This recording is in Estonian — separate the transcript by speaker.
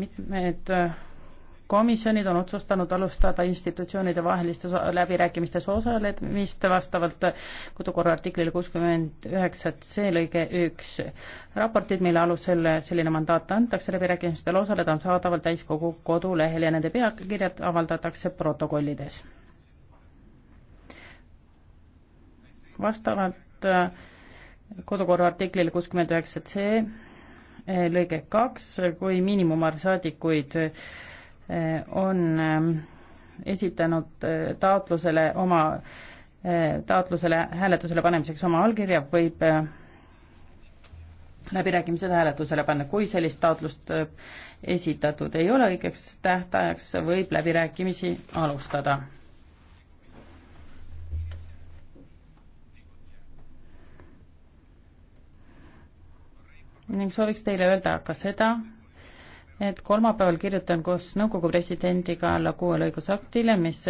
Speaker 1: mitmed äh, komisjonid on otsustanud alustada institutsioonide vahelistes läbirääkimistes osalemist vastavalt kodukorra artiklile kuuskümmend üheksa C lõige üks. raportid, mille alusel selline mandaat antakse läbirääkimistel osaleda, on saadaval täiskogu kodulehel ja nende pealkirjad avaldatakse protokollides. vastavalt äh, kodukorra artiklile kuuskümmend üheksa C lõige kaks, kui miinimumarv saadikuid eh, on ehm, esitanud eh, taotlusele oma, eh, taotlusele hääletusele panemiseks oma allkirja, võib läbirääkimised hääletusele panna, kui sellist taotlust esitatud ei ole õigeks tähtajaks, võib läbirääkimisi alustada ning sooviks teile öelda ka seda, et kolmapäeval kirjutan koos nõukogu presidendiga alla kuuele õigusaktile, mis